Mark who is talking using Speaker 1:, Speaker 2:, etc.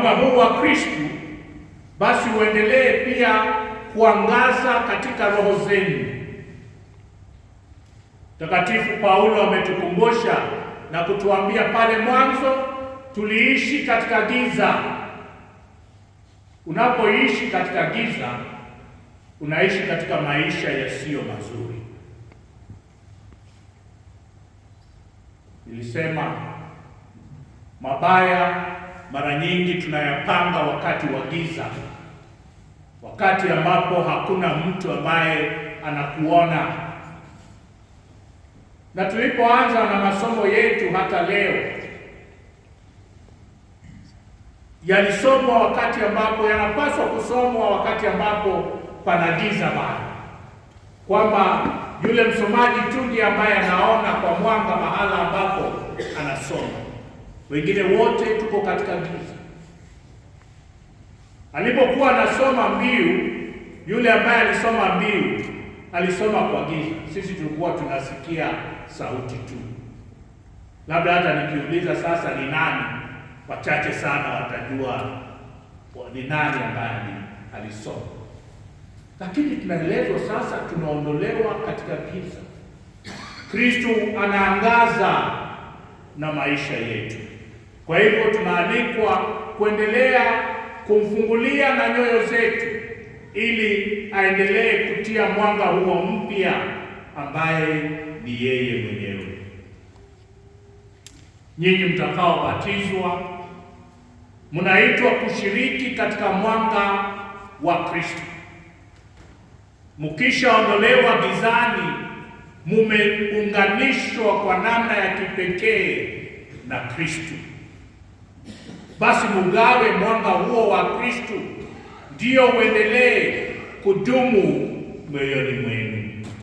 Speaker 1: kama huu wa Kristu basi uendelee pia kuangaza katika roho zenu. Mtakatifu Paulo ametukumbusha na kutuambia pale mwanzo tuliishi katika giza. Unapoishi katika giza, unaishi katika maisha yasiyo mazuri. Nilisema mabaya mara nyingi tunayapanga wakati wa giza, wakati ambapo hakuna mtu ambaye anakuona. Na tulipoanza na masomo yetu hata leo, yalisomwa wakati ambapo yanapaswa kusomwa, wakati ambapo pana giza bado, kwamba yule msomaji tu ndiye ambaye anaona kwa mwanga mahala ambapo anasoma wengine wote tuko katika giza. Alipokuwa anasoma mbiu, yule ambaye alisoma mbiu alisoma kwa giza, sisi tulikuwa tunasikia sauti tu. Labda hata nikiuliza sasa ni nani, wachache sana watajua ni nani ambaye alisoma, lakini tunaelezwa sasa, tunaondolewa katika giza. Kristo anaangaza na maisha yetu. Kwa hivyo tunaalikwa kuendelea kumfungulia na nyoyo zetu ili aendelee kutia mwanga huo mpya ambaye ni yeye mwenyewe. Nyinyi mtakaobatizwa mnaitwa kushiriki katika mwanga wa Kristo. Mkishaondolewa gizani, mumeunganishwa kwa namna ya kipekee na Kristo basi mugawe mwanga huo wa Kristo, ndio uendelee kudumu moyoni mwenu.